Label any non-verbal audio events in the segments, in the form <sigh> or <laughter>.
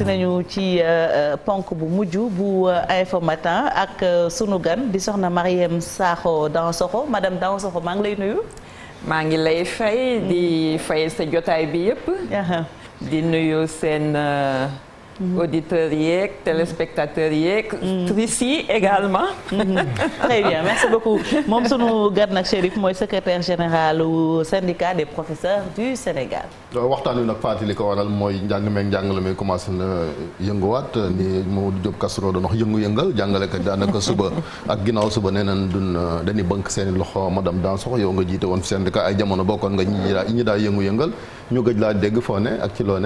agsi nañu ci euh, euh, ponk bu mujj bu euh, Infos ak sunu gan di soxna Marième Sakho Dansokho madame Dansokho maa ngi lay nuyu. maa ngi lay fay di fay sa jotaay bi yépp di nuyu seen. Mm-hmm. auditeurs yeeg téléspectateurs yeeg. actrices mm-hmm. yi également. Mm-hmm. très bien merci beaucoup moom sunu gan nag Chérif mooy secrétaire général au syndicat des professeurs du Sénégal. waxtaan wi nag Fatou li ko waral mooy njàng meeg njàngale mi commencé na yënguwaat ni Mamadou Diop Kasro doon wax yëngu-yëngal jàngalekat daanaka suba ak ginnaaw suba nee nañ dun dañuy bënk seen i loxo madame Dansokho yow nga jiite woon syndicat ay jamono bokkoon nga ñi ñi daa yëngu-yëngal ñu gëj laa dégg foo ne ak ci loo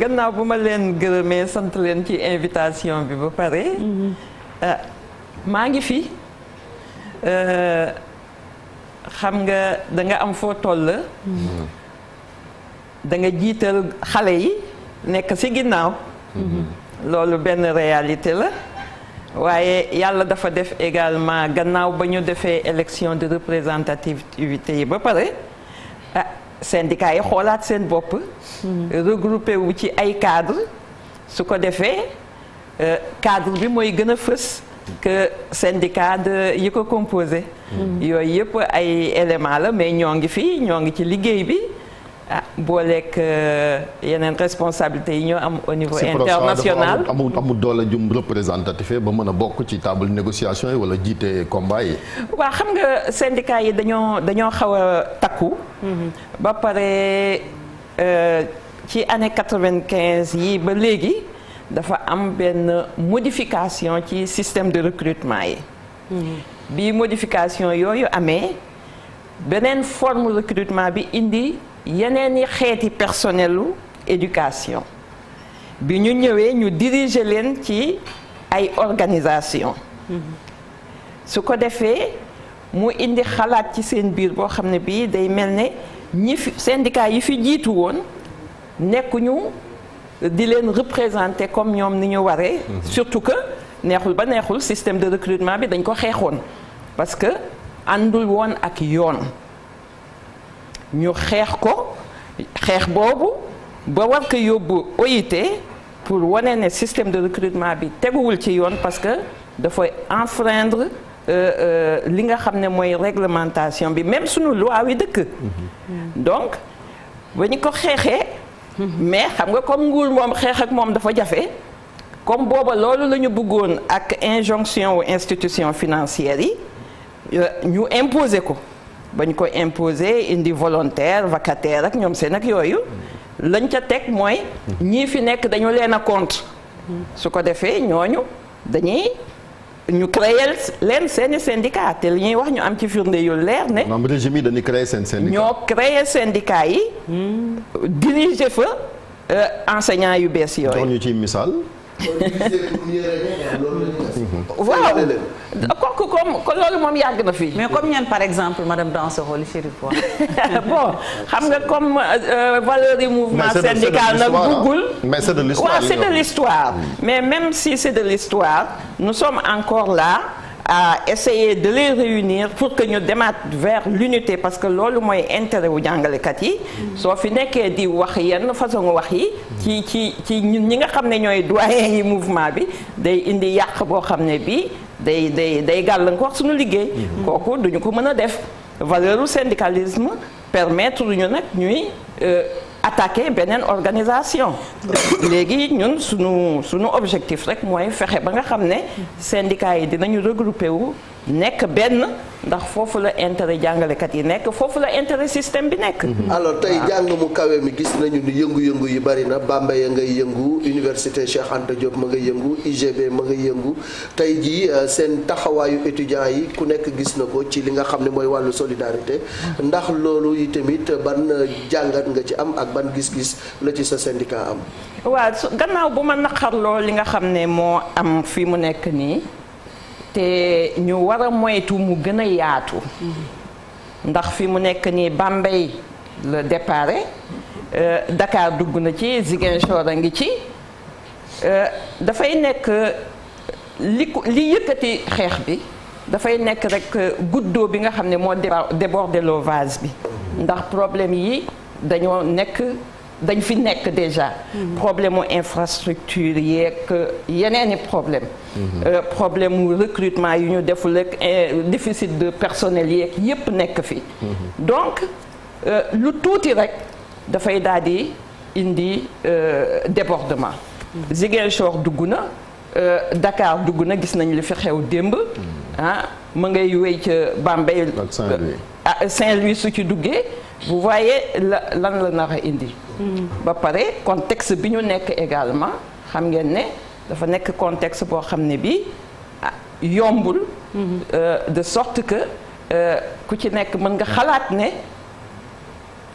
gannaaw bu ma leen gërëmee sant leen ci invitation bi ba pare. Mhm. Euh, maa ngi fi euh, xam nga da nga am foo toll. Mhm. da nga jiital xale yi nekk ci ginnaaw. Mhm. loolu benn réalité la. waaye yàlla dafa def également gannaaw ba ñu defee élection de représentativité yi ba pare ah, syndicats yi xoolaat seen bopp. Hmm. regroupé wu ci ay cadres su ko defee euh, cadre bi mooy gën a fës. que syndicat de yi ko composé. Hmm. yooyu yëpp ay éléments la mais ñoo ngi fii ñoo ngi ci liggéey bi. ah booleeg euh, yeneen responsabilité yi ñoo am au niveau international amul amul doole jum représentatif ba mën a bokk ci table négociation yi wala jiite combat yi waaw xam nga syndicat yi dañoo dañoo xaw a takku mhm. ba pare euh, ci année quatre-vingt-quinze yi ba léegi dafa am benn modification ci système de recrutement yi mhm. bi modification yooyu amee beneen forme recrutement bi indi yeneen i xeeti personnelu éducation bi ñu ñëwee ñu diriger leen ci ay organisation su ko defee mu indi xalaat ci seen biir boo xam ne bii day mel ne ñi fi syndicat yi fi jiitu woon nekkuñu di leen représenter comme ñoom ni ñu waree. Mhm. surtout que neexul ba neexul système de recrutement bi dañ ko xeexoon parce que àndul woon ak yoon. ñu xeex ko xeex boobu ba war ko yóbbu OIT pour wane ne système de recrutement bi teguwul ci yoon parce que dafay enfreindre euh, euh, li nga xam ne mooy réglementation bi même suñu loi dëkk mm-hmm. donc ba ñu ko xeexee mm-hmm. mais xam nga comme nguur moom xeex ak moom dafa jafe comme booba loolu la ñu bëggoon ak injonction wu institution financière yi euh, ñu imposer ko bañ ko imposer indi volontaire vacataire ak ñoom seen ak yooyu lañ ca teg mooy ñii fi nekk dañu leen a compte su ko defee ñooñu dañuy ñu créer leen seeni syndicat te li ñuy wax ñu am ci firnde yu leer ne ñoom régime yi dañuy seen syndicat ñoo créer syndicat yi hmm. diriger fa euh, enseignant yu bees yooyu jox waaw kooku comme loolu moom yàgg na fii. mais comme ñan par exemple madame Dansokho li Chérif wax <laughs> <laughs> bon xam nga comme euh, valeur du mouvement syndical nag buggul. mais c'est de l'histoire waaw c'est de l'histoire mm. mais même si c'est de l'histoire nous sommes encore la à essayer de les réunir pour que ñu demaat vers l'unité parce que loolu mooy intéret wu jàngalekat yi soo fi nekkee di wax yenn façon wax yi ci ci ci ñun ñi nga xam ne ñooy doyen yi mouvement bi day indi yàq boo xam ne bii day day day gàllankoor suñu liggéey mm-hmm. kooku dañu ko mën a def valeuru syndicalisme permettre ñu nag ñuy euh, attaquer beneen organisation léegi ñun suñu suñu objectif rek mooy fexe ba nga xam ne syndicats yi dinañu regrouper wu nekk benn ndax foofu la intérêt jàngalekat yi nekk foofu la intere système bi nekk. Mhm. alors tey ah. jàng mu kawe mi gis nañu ni yëngu-yëngu yi bari na Bambey ngay yëngu Université Cheikh Anta ma ngay yëngu UGB ma ngay yëngu tey jii euh, seen taxawaayu étudiants yi ku nekk gis na ko ci li nga xam ne mooy wàllu solidarité. Ah. ndax loolu yi tamit ban euh, jàngat nga ci am ak ban gis-gis la ci sa syndicat am. waaw gannaaw bu ma naqarloo li nga xam ne moo am fi mu nekk nii. te ñu war a moytu mu gën a yaatu ndax fi mu nekk nii Bambey la départ euh, Dakar dugg na ci Ziguinchor a ngi ci euh, dafay nekk li ko li yëkkati xeex bi dafay nekk rek guddo bi nga xam ne moo déborder le vase bi ndax problème yi dañoo nekk dañ fi nekk déjà mhm. problème mu infrastructure yeeg euh, yeneen i problème mhm. euh, problème mu recrutement yu ñu deful rek euh, déficit de personnel yeeg yépp nekk fi mhm. donc lu tuuti rek dafay daal di indi débordement Ziguinchor dugg na dakaar dugg na gis nañ li fi xew démb ah ma ngay wéy ca Bambey ah, Saint-Louis su ci duggee bu voyez la lan la nar indi hmm. ba pare contexte bi ñu nekk également xam ngeen ne dafa nekk contexte boo xam ne bi ah, yombul hmm. euh, de sorte que euh, ku ci nekk mën nga xalaat ne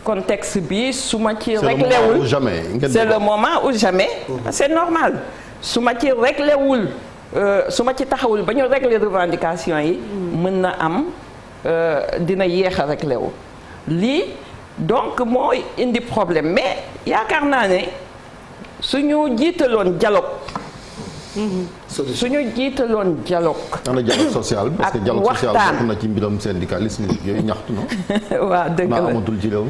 contexte bi su ma ci réglewul c'est le moment ou jamais hmm. c'est normal su ma ci réglewul euh, su ma ci taxawul ba ñu régler revendication yi mën na am dina yéex a réglewu lii donc mooy indi problème mais yaakaar naa ne suñu jiitaloon dialogue solution suñu jiitaloon dialogue. ana dialogue social bi parce social bokk na ci mbiram syndicalisme yooyu ñaxtu na. <laughs> waa dëgg la amatul ci réew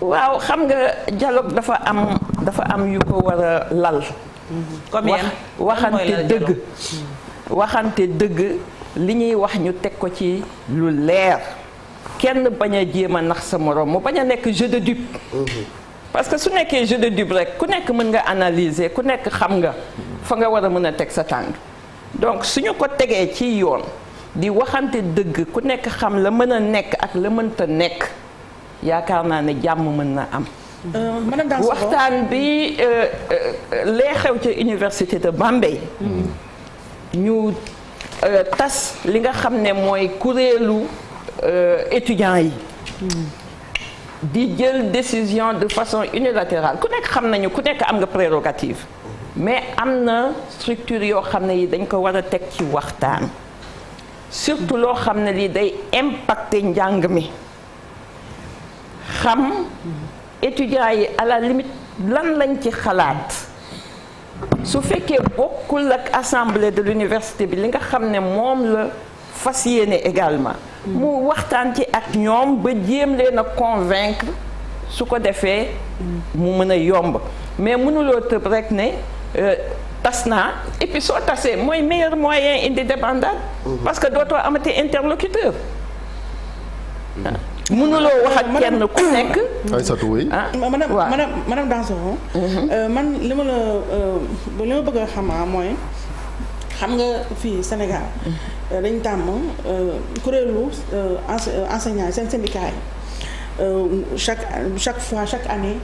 waaw xam nga dialogue dafa am dafa am yu ko war a lal. waxante dëgg. waxante dëgg li ñuy wax ñu teg ko ci lu leer. kenn bañ a jéem a nax sa moroom mu bañ a nekk jeu de dupe. parce que su nekkee jeu de dupe rek ku nekk mën nga analyser ku nekk xam nga fa nga war a mën a teg sa tànk donc suñu ko tegee ci yoon di waxante dëgg ku nekk xam la mën a nekk ak la mënta nekk yaakaar naa ne jàmm mën na am. madame Dansokho waxtaan bi euh, euh, lee xew ca université de Bambey. Mm-hmm. ñu euh, tas li nga xam ne mooy kuréelu. Euh, étudiants yi di jël décision de façon unilatérale ku nekk xam nañu ku nekk am nga prérogative mais am na structure yoo xam ne yi dañ ko war a teg ci waxtaan surtout loo xam ne lii day impacter njàng mi xam étudiants yi à la limite lan lañ ci xalaat su fekkee bokkul ak assemblée de l'université bi li nga xam ne moom la fas yéene également mu waxtaan ci ak ñoom ba jéem leen a convaincre su ko defee mu mën a yomb mais mënuloo tëb rek ne euh, tas naa et soo tasee mooy meilleur moyen indépendant mhm. parce que dootoo amati interlocuteur mhm. ah. mënuloo wax ak kenn ku nekk <coughs> Aïssatou oui ah. madame madame Dansoxo mhm. euh, man li ma la euh, li ma bëgg a xam ah, mooy xam nga fii Sénégal dañ euh, tàmm euh, kuréelu euh, enseignant yi seen syndicat yi chaque chaque fois chaque année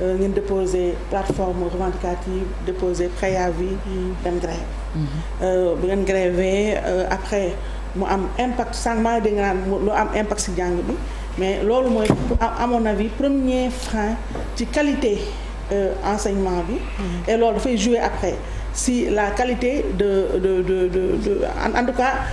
ngeen déposer plateforme revendicative déposer préavis dem grève mm-hmm. bu ngeen grévé après mu am impact sànq maa ngi naan lu am impact si jàng bi mais loolu mooy à mon avis premier frein ci qualité enseignement bi mm-hmm. et loolu dafay jouer après si la qualité de de de en, en tout cas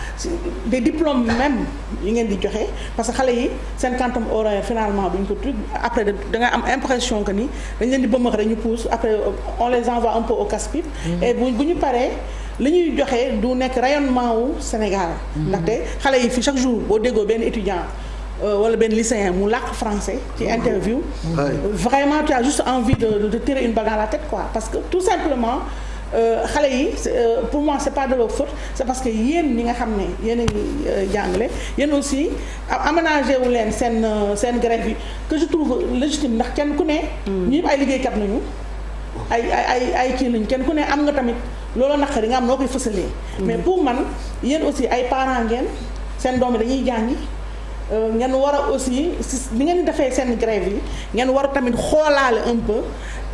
des diplômes même yi ngeen di joxe parce que xale yi seen quantum horaire finalement buñ ko tudd après da nga am impression que ni dañ leen di bëmmax rek ñu pousse après euh, on les envoie un peu au casse mm-hmm. bu ñu paree li ñuy joxe du nekk rayonnement wu Sénégal mm-hmm. ndaxte xale yi fi chaque jour boo déggoo benn étudiant euh, wala benn lycéen mu làkk français ci mm-hmm. interview vraiment tu as juste envie de de une balle la tête quoi parce que tout Euh, xale yi euh, pour moi c'est pas de leur faute c'est parce que yéen ñi nga xam ne yéen a ngi euh, jàngale yéen aussi aménagé wu leen seen seen grève yi que je trouve légitime ndax kenn ku ne hmm. ñi ay liggéey liggéeykat nañu ay ay ay ay kii lañ kenn ku ne am nga tamit loolu naqari nga am noo koy fësalee hmm. mais pour man yéen aussi ay parent ngeen seen doom yi dañuy jàngi ngeen war a aussi si li ngeen defee seen grève yi ngeen war a tamit xoolaale un peu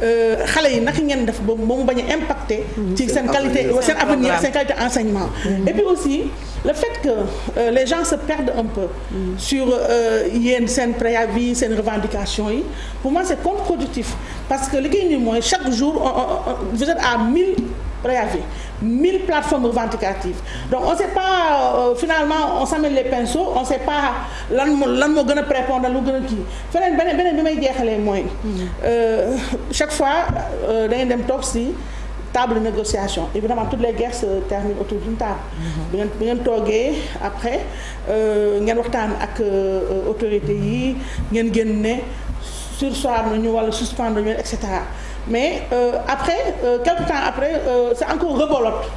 Euh, xale yi naka ngeen def ba mu bañ a impacté. ci seen qualité seen avenir seen qualité enseignement. Mm-hmm. et puis aussi le fait que euh, les gens se perdent un peu. Mm. sur euh, yéen seen préavis seen revendication yi pour moi c'est contre-productif parce que li koy indi mooy chaque jour on, on, on, vous êtes à mille préavis. 1000 plateformes revendicatives donc on sait pas euh, finalement on s'amène les pinceaux on sait pas lan moo lan moo gën a prépondre lu gën a kii feneen beneen beneen bi may jeexalee mooy euh, chaque fois euh, da ngeen dem toog si table de négociation évidemment toutes les guerres se terminent autour d'une table mm-hmm. bu ngeen bu ngeen toogee après euh, ngeen waxtaan ak autorités yi ngeen génn ne sursoir nañu wala suspendre ñu et cetera mais euh, après euh, quelque temps après euh, c'est encore rebelote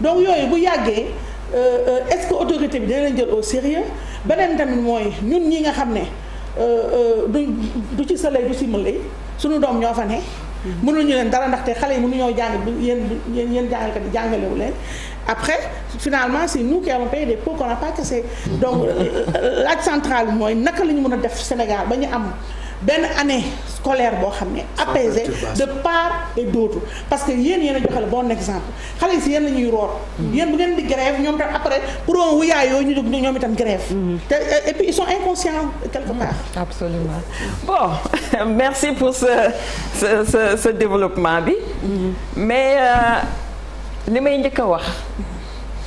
donc yooyu bu yàggee euh, est-ce que autorité bi dina leen jël au sérieux beneen tamit mooy ñun ñi nga xam ne du du ci sëlay du ci mëlay suñu doom ñoo fa ne hmm. mënuñu leen dara ndaxte xale yi mënuñoo jàng du yéen yéen yéen jàngalekat yi jàngalewu leen après finalement si nous qui avons payé des pots qu'on n'a pas cassés hmm. donc laaj centrale mooy naka la ñu mën a def Sénégal ba ñu am benn année scolaire boo xam ne apaisée de part et d'autre parce que yéen yéen a joxe bon exemple xale yi si yéen la ñuy root mm-hmm. yéen bu ngeen di grève ñoom tam après pour on wuyaay ñu ñoom itam grève mm-hmm. te et puis ils sont inconscients quelque part mm-hmm. absolument bon <laughs> merci pour sa sa ce, développement bi mais euh, li may njëkk a wax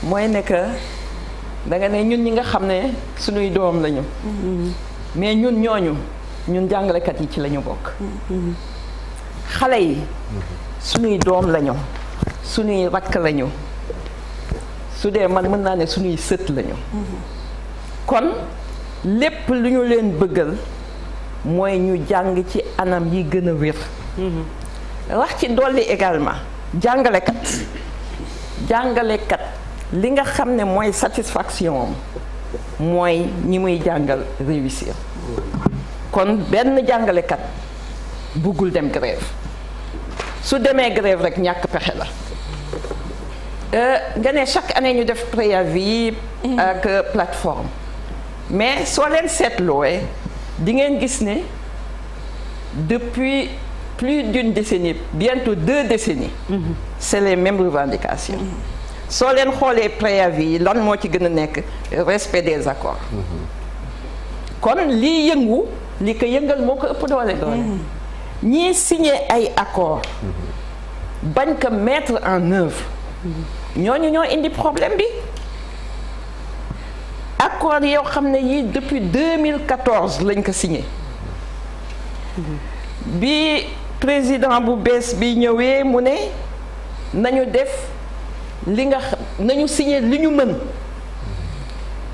mooy ne que da ne ñun ñi nga xam ne suñuy doom lañu mais ñun ñooñu ñun jàngalekat yi ci lañu bokk. xale yi. suñuy doom lañu suñuy rakk lañu su dee man mën naa ne suñuy sët lañu. kon lépp lu ñu leen bëggal mooy ñu jàng ci anam yi gën a wér. wax ci dolli également jàngalekat jàngalekat li nga xam ne mooy satisfaction mooy ñi muy jàngal réussir. kon benn jàngalekat buggul dem grève su demee grève rek ñàkk pexe la euh, nga ne chaque année ñu def préavis mm. ak plateforme mais soo leen seetloowee di ngeen gis ne depuis plus d'une décennie bientôt deux décennies mm-hmm. c'est les mêmes revendications mm-hmm. soo leen xoolee préavis yi lan moo ci gën a nekk respect des accords mm-hmm. kon lii yëngu li ko yëngal moo ko ëpp doole. Mm-hmm. ñii signé ay accord mm-hmm. bañ ko mettre en œuvre. Mm-hmm. ñooñu ñoo indi problème bi. accord yoo xam ne yii depuis 2014 lañ ko signé. bi président bu bees bi ñëwee mu ne nañu def li nga nañu signé li ñu mën.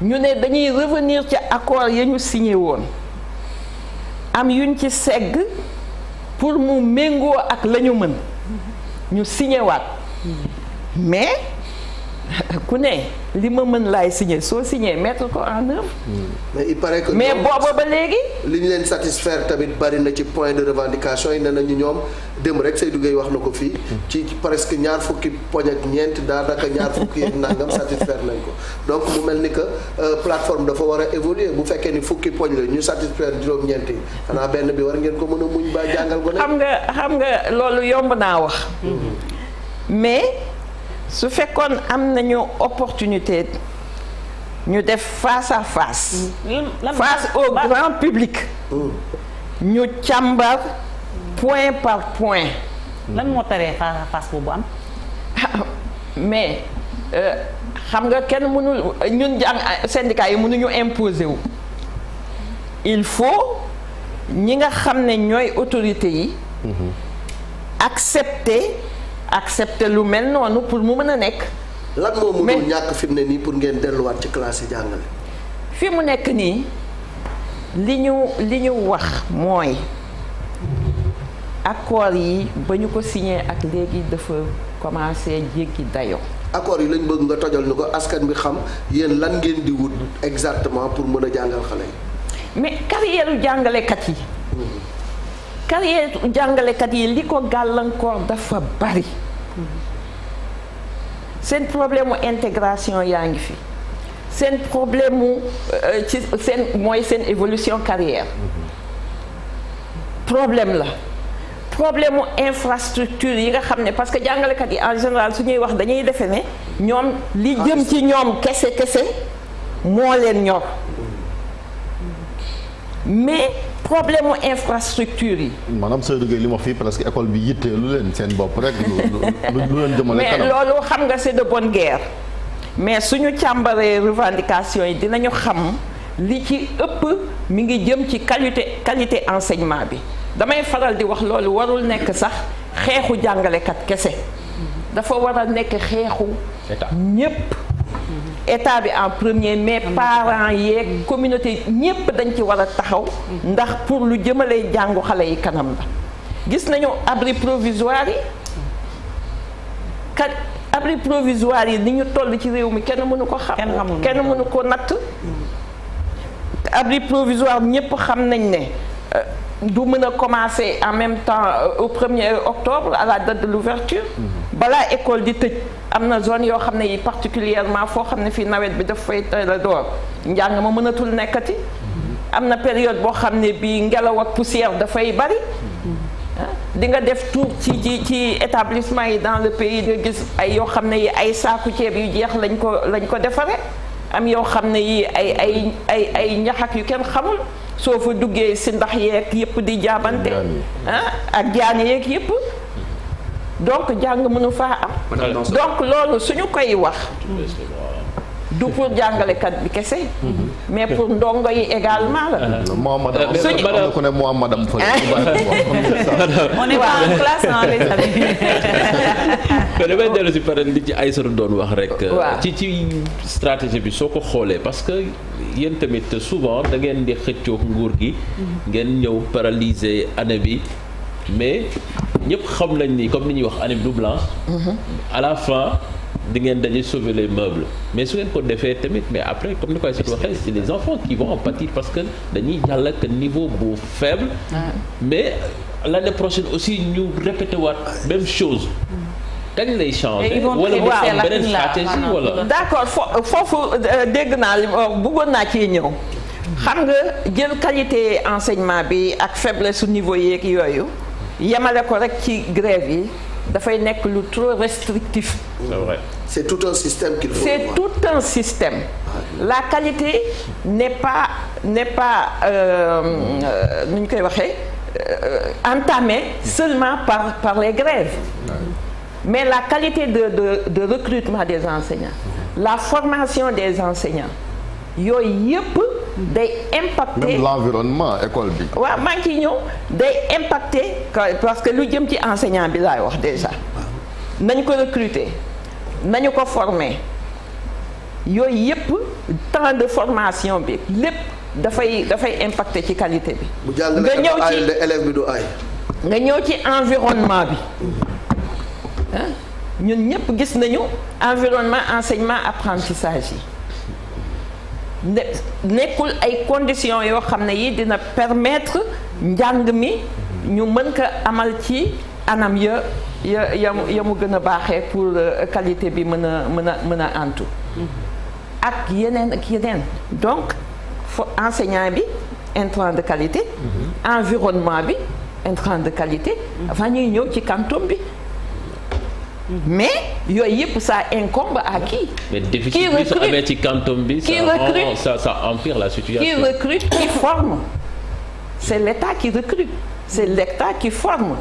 ñu ne dañuy revenir ci accord ya ñu signé woon. am yuñ ci segg pour mu méngoo ak la ñu mën ñu signé mais ku ne li ma mën laay signé soo signé mettre ko en œuvre. mais i paraît que. mais booba ba léegi. li ñu leen satisfaire tamit bari na ci point de revendication yi ne nañu ñoom dem rek Seydou Gueye wax na ko fii. ci presque ñaar fukki poñ ak ñeent daanaka ñaar fukki yeeg nangam satisfaire nañ ko donc mu mel ni que euh, plateforme dafa war a évoluer bu fekkee ni fukki poñ la ñu satisfaire juróom-ñeent yi xanaa benn bi war ngeen ko mën a muñ ba jàngal ko. xam nga xam nga loolu yomb naa wax mm-hmm. mais. su fekkoon am nañu opportunité ñu def face à face. Mm. face au grand public. Mm. ñu càmbar point par point. lan moo taree face à face boobu am. <laughs> mais euh, xam nga kenn mënul ñun jàng syndicat yi mënuñu imposer wu. il faut ñi nga xam ne ñooy autorités yi. Mm-hmm. accepter. accepter lu mel noonu pour mu mën a nekk. lan moo mënul ñàkk fi mu ne nii pour ngeen delluwaat ci classe yi jàngale. fi mu nekk nii li ñu li ñu wax mooy accord yi ba ñu ko signé ak léegi dafa commencé jéggi dayo accord yi lañ bëgg nga tojal ni ko askan bi xam yéen lan ngeen di wut exactement pour mën a jàngal xale yi. mais carrière jàngalekat yi. Mm-hmm. carrière jàngalekat yi li ko gàllankoor dafa bari seen problème mu intégration yaa ngi fi seen problème mu euh, ci seen mooy seen évolution carrière problème la problème mu infrastructure yi nga xam ne parce que jàngalekat yi en général su ñuy wax dañuy defe ne ñoom li jëm ci ñoom kese kese moo leen ñor mais problème mu infrastructure yi. maanaam Seydou Gueye li ma fii parce que école bi lu leen seen bopp rek. lu lu leen jëmale kanam mais loolu xam nga c'est de bonne guerre. mais suñu càmbaree revendication yi dinañu xam li ci ëpp mi ngi jëm ci qualité qualité enseignement bi damay faral di wax loolu warul nekk sax xeexu jàngalekat kese. dafa war a nekk xeexu. ñépp état bi en premier mais parents yeeg mm. communauté ñépp dañ ci war a taxaw mm. ndax pour lu jëmalee jàngu xale yi kanam la gis nañu abri provisoire yi kat abri provisoire yi ni ñu toll ci réew mi kenn mënu ko xam kenn mënu ko natt mm. abri provisoire ñépp xam nañ ne euh, du mën a commencer en même temps euh, au 1 octobre à la date de l'ouverture mhm. balaa école di tëj am na zone yoo xam ne yi particulièrement foo xam ne fii nawet bi daf fay teel a njàng ma mënatul nekkati mhm. am na période boo xam ne bii ngelaw ak poussière dafay bari mhm. ah, di nga def tour ci ci ci établissement yi dans le pays nga gis ay yoo xam ne yi ay saaku ceeb yu jeex lañ ko lañ ko defaree am yow xam na yii ay ay ay ay ñaxak yu kenn xamul soo fa duggee si ndax yeeg yëpp di jaabante ah ak jaan yeeg yëpp donc jàng mënu faa am donc loolu suñu koy wax du pour jàngalekat bi kese. mais pour ndongo yi également la. Euh, moom madame suñu am na ku ne <laughs> moom madame en classe hein <laughs> si pare li ci Aïssatou doon wax rek. ci ci stratégie bi soo ko xoolee parce que yéen tamit souvent da ngeen di xëccoo nguur gi. ngeen ñëw paralyser année bi mais ñëpp xam nañ ni comme ni ñuy wax année bi du blanche. Mm-hmm. à la fin. di ngeen dañuy sauver les meubles mais su ngeen ko defee tamit mais après comme ni koy sut waxee enfants qui vont en pâtir parce que dañuy jàll ak niveau bu faible mais l'année prochaine aussi ñu répété waat même chose kañ lay changer wala beneen stratégie wala d'accord foofu euh, dégg naa li euh, naa ci ñëw xam nga jël qualité enseignement bi ak faiblesse su niveau yeeg yooyu yemale ko rek ci grève yi dafay nekk lu trop restrictif. c'est vrai. c'est tout un système qu'il faut c'est tout la qualité n'est pas n'est pas euh, euh, nu ñu koy waxee euh, entamée seulement par par les grèves. mais la qualité de de de recrutement des enseignants. la formation des enseignants yooyu yëpp. day impacter même l'environnement école bi. waaw maa ngi ñëw day impacter parce que lu jëm ci enseignant bi laay wax déjà nañ ko recruter nañu ko former yooyu yëpp temps de formation bi lépp dafay dafay impacter ci qualité bi. nga ñëw ci élève bi du ay nga ñëw ci environnement bi ñun ñëpp gis nañu environnement enseignement apprentissage yi. nekkul ay conditions yoo xam ne yi dina permettre njàng mi ñu mën ko amal ci anam ya ya ya ya mu gën a baaxee pour euh, qualité bi mën a mën a mën a antu ak yeneen ak yeneen donc fo enseignant bi intrant de qualité mhm. environnement bi intrant de qualité mhm. avant ñuy ñëw ci kantom bi mais yooyu yëpp saa incombe à qui. mais déficit qui recrute bi amee ci canton bi. qui recrute ça la situation. qui recrute qui forme c' est l' état qui recrute c' est l' état qui forme.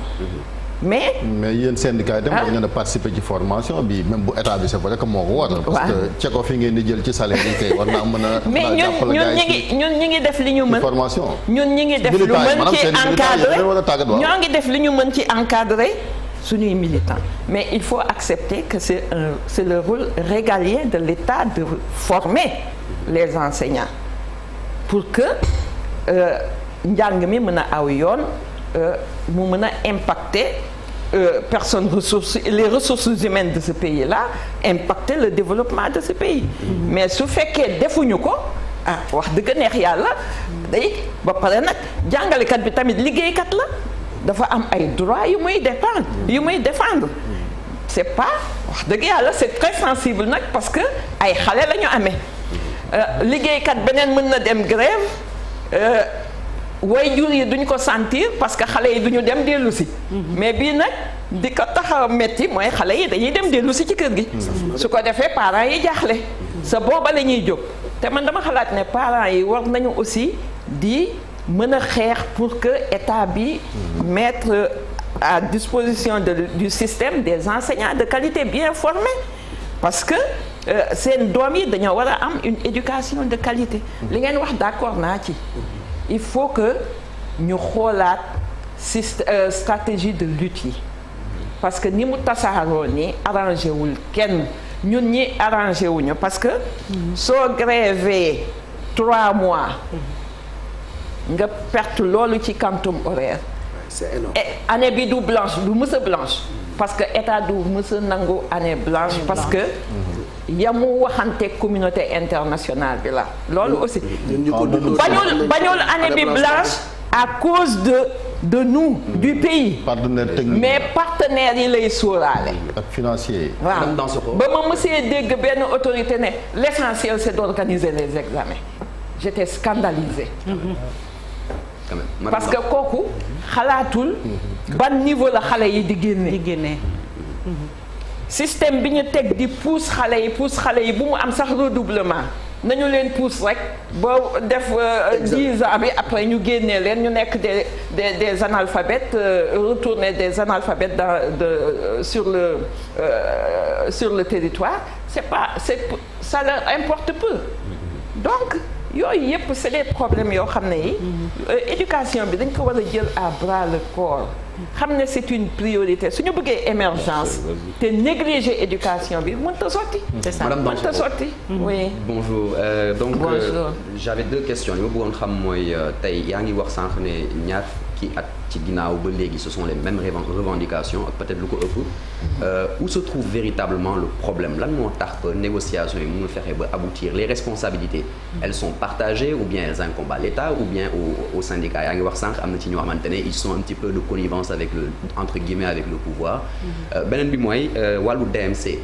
mais mais yéen syndicat yi ah. dem ngeen participer ci formation bi même bu état bi c'est vrai que moo ko waral. parce que ceko fi ngeen di jël ci salaire yi tey war naa mën a. mais ñun ñun ñu ngi ñun ñu ngi def li ñu mën formation. ñun ñu ngi def lu mën ci encadré ñoo ngi def li ñu mën ci encadré. suñuy militants mais il faut accepter que c'est un le rôle régalier de l'État de former les enseignants pour que euh, njàng mi mën a aw yoon euh, mu mën a impacter Euh, personnes ressources les ressources humaines de ce pays-là impacter le développement de ce pays mm-hmm. mais su fekkee defuñu ko ah wax dëgg neex yàlla day ba pare nag jàngalekat bi tamit liggéeykat la dafa am ay droits yu muy dépendre yu muy défendre c'est pas wax dëgg yàlla c'est très sensible nag parce que ay xale la ñu amee euh, liggéeykat beneen mën na dem grève euh, way jur yi duñ ko sentir parce que xale yi duñu dem dellu si mhm. mais bii nag di ko tax a metti mooy xale yi dañuy dem dellu si ci kër gi mhm. su ko defee parents yi jaaxle mhm. sa booba la ñuy jóg te man dama xalaat ne parents yi war nañu aussi di mën a xeex pour que état bi mettre à disposition de, du système des enseignants de qualité bien formés parce que euh, seen doom yi dañoo war a am une éducation de qualité li ngeen wax d'accord naa ci il faut que ñu xoolaat si euh, stratégie de lutte yi parce que ni mu tasaaroo nii arrangé wul kenn ñun ñi arrangé wuñu parce que soo grévé trois mois nga perte loolu ci quantum horaire c'est année bi du blanche du mësa blanche parce que état du mësa nangu année blanche parce que mm-hmm. yamu waxante communauté international bi la loolu aussi ah, bañul bañul année bi blanche à cause de de nous mm-hmm. du pays mais partenaire yi lay sóoraale ak financier waaw ba ma mësee dégg benn autorité ne l'essentiel c'est d'organiser les examens j'étais scandalisée mm-hmm. parce que kooku xalaatul ban niveau la xale yi di génne di génne système bi ñu teg di pousse xale yi pouse xale yi bu mu am sax redoublement nañu leen pouse rek boo def euh, dix ans bi après ñu génnee leen ñu nekk des des des analphabètes euh, retourner des analphabètes dans de euh, sur le sur le territoire c'est pas c'est ça leur importe peu donc yooyu yëpp c'est les problèmes yoo xam ne yi euh, éducation bi dañ ko war a jël à bras le corps xam ne c'est une priorité su ñu bëggee émergence euh, te négliger éducation bi mënta sotti mënta sotti mm-hmm. oui bonjour euh, donc euh, bonjour. Euh, j'avais deux questions li ma bëggoon xam mooy tey yaa ngi wax sànq ne ñaar ki at ci ginnaaw ba léegi ce sont les mêmes revendications ak peut-être lu ko ëpp Euh, où se trouve véritablement le problème lan moo tax ba négociation yi mënul fexe ba aboutir les responsabilités mm. elles sont partagées ou bien elles incombent à l'État ou bien au syndicat yaa ngi wax sànq am na ci ñoo xamante ne ils sont un petit peu de connivence avec le entre guillemets avec le pouvoir mm-hmm. euh, beneen bi mooy euh, wàllu DMC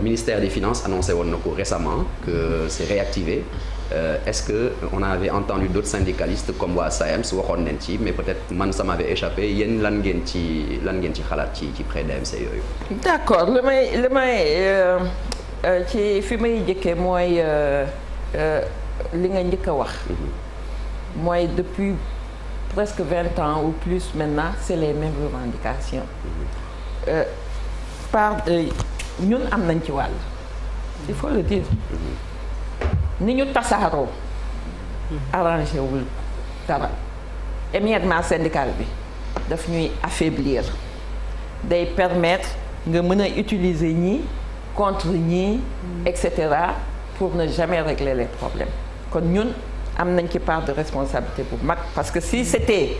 ministère des finances annoncé woon na ko récemment que c'est réactivé Euh, est-ce que on avait entendu d'autres syndicalistes comme waa SAEMS waxoon nañ ci mais peut-être man ça m'avait échappé yéen lan ngeen ci lan ngeen ci xalaat ci ci près DMC yooyu. d'accord li may li may euh, euh, ci fi may jëkkee mooy li nga njëkk a wax. Mhm. mooy depuis presque vingt ans ou plus maintenant c'est les mêmes revendications. Mhm. par ñun am nañ ci wàll. il faut le dire. Mhm. ni ñu tasaaroo arrangé wul dara émiettement syndical bi daf ñuy affaiblir day permettre nga mën a utiliser ñi contre ñi mm. et cetera pour ne jamais régler les problèmes kon ñun am nañ ci part de responsabilité bu mag parce que si c'était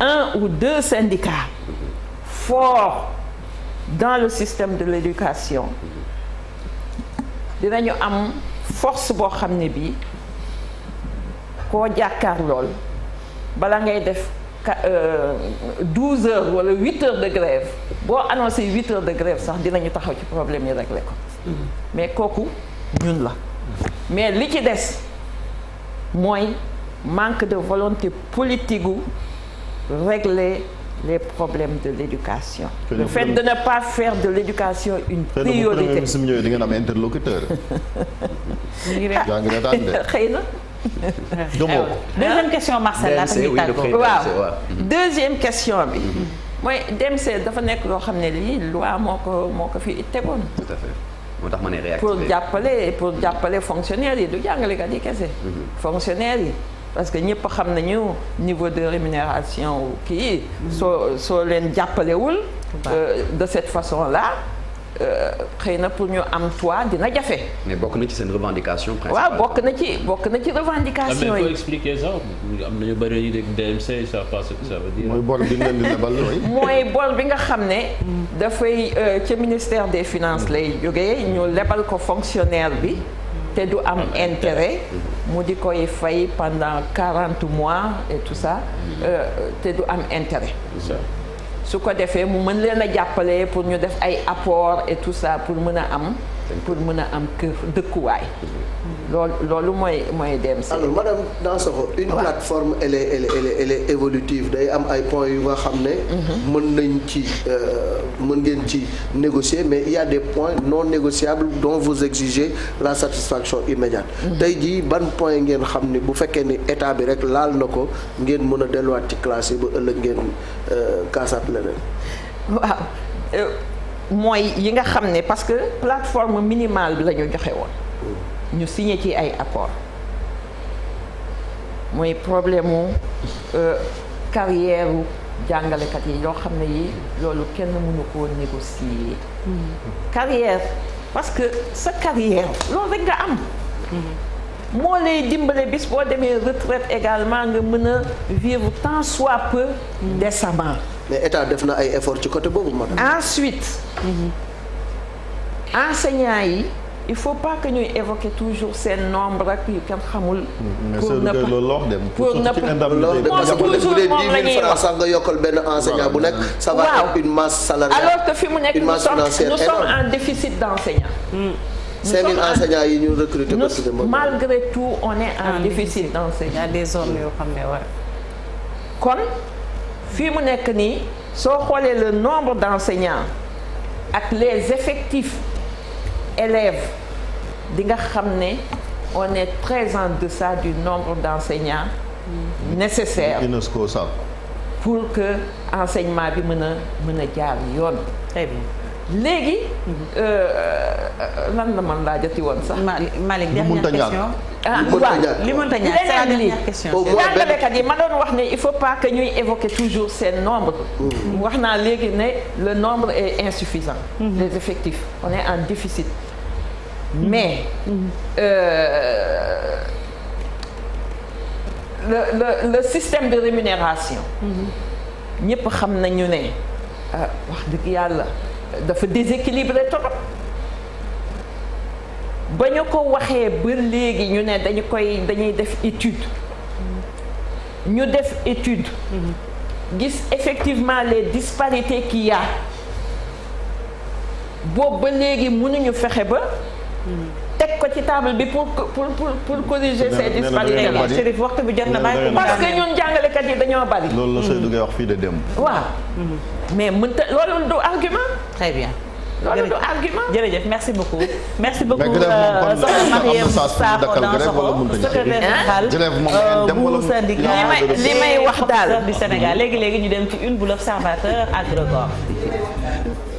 un ou deux syndicats forts dans le système de l'éducation dinañu am force boo xam ne bii koo jàkkaar lool balaa ngay def euh, douze heures wala huit heures de grève boo annoncé huit heures de grève sax dinañu taxaw ci problème yi réglé ko mm-hmm. mais kooku ñun la mm-hmm. mais li ci des mooy manque de volonté politique gu les problèmes de l'éducation le fait de ne pas faire de l'éducation une priorité di ngeen am interlocuteur <laughs> xëy na ah deuxième question Marcel laata ñuy tàggoo waaw mhm. deuxième question bi mhm. mooy DMC dafa nekk loo xam ne lii loi moo ko moo ko fi tegoon tout à fait moo tax ma ne réactiver pour jàppale pour jàppale fonctionnaires yi du jàngalekat yi kese mhm. fonctionnaires yi parce que ñëpp xam nañu niveau de rémunération kii. soo soo leen jàppalewul euh, de cette façon là euh, xëy na pour ñu am toit dina jafe. mais bokk na ci seen revendication principale. waaw bokk na ci bokk na ci ah, revendication yi. am expliquer am na ñu bëri ñu dégg DMC ça passe mooy bool bi ngeen di lebal mooy bor bi nga xam ne. dafay euh, ci ministère des finances lay joge ñu lebal ko fonctionnaire bi. te du am intérêt. Mm-hmm. mu di koy fay pendant quarante mois et tout ça mm-hmm. euh, te du am intérêt su ko defee mu mën leen a jàppale pour ñu def ay apport et tout ça pour mën a am pour mën a am kër dëkkuwaay. loolu loolu mooy mooy dem si. alors madame Dansokho une plateforme elle est elle est elle day am ay points yu nga xam ne. Mhm. mën nañ ci euh, mën ngeen ci négocier mais il de a des points non négociables dont vous exigez la satisfaction immédiate. Mhm. tey jii ban point ngeen xam ne bu fekkee ni état bi rek laal na ko ngeen mën a delluwaat ci classe yi ba ëllëg ngeen euh, kaasaat leneen. waaw. Euh, mooy yi nga xam ne parce que plateforme minimale bi la joxe woon ñu signé ci ay apport mooy problème mu euh, carrière jàngalekat yi yoo xam ne yi loolu kenn mënu koo négocier carrière parce que sa carrière loolu rek nga am moo lay dimbale bis boo demee retraite également nga mën a vivre tant soit peu décemment mais état def na ay effort ci côté boobu madame. ensuite. Mhm. enseignants yi. il faut pas que ñuy évoquer toujours seen nombre ak yu xamul. Mm-hmm. pour ne pas pour ne pas moom toujours moom la ñuy wax nga yokkal benn enseignant bu nekk. sa va être une masse salariale alors que fi mu nekk nous sommes nous en déficit d'enseignants. Mm. nous sommes 5000 enseignants yi ñu recruter. malgré tout on est en déficit d'enseignants. il y a des zones yoo xam ne war kon. fii mu nekk nii soo xoolee le nombre d'enseignants ak les effectifs élèves di nga xam ne on est très en deçà du nombre d'enseignants mm. nécessaires pour que enseignement bi mën a mën a jaar yoon très bien léegi. Euh, lan la man laajati woon sax. Malick dernière question ah waaw li mënta ñàkk c'est la dernière question. jàngalekat yi ma doon wax ne il faut pas que ñuy évoquer toujours seen nombre. Mm. wax naa léegi ne le nombre est insuffisant. Mm-hmm. les effectifs on est en déficit. Mm-hmm. mais. Mm-hmm. Euh, le le le système de rémunération. ñëpp xam nañu ne euh, wax dëgg yàlla. dafa déséquilibré trop ba ñu ko waxee ba léegi ñu ne dañu koy dañuy def étude ñu def étude gis effectivement les disparités qu'il y a ba léegi mënuñu fexe ba teg ko ci table bi pour pour pour corriger ces disparités là Chérif waxtu bi jot na bàyyi ko parce que ñun jàngalekat yi dañoo bari loolu la Seydou Gueye wax fii de dem waaw mais mënta du argument très bien loolu merci beaucoup merci beaucoup soxna Mariam Sakho Dansokho secrétaire général bu syndicat li may wax daal du Sénégal léegi léegi ñu dem une bu l'observateur ak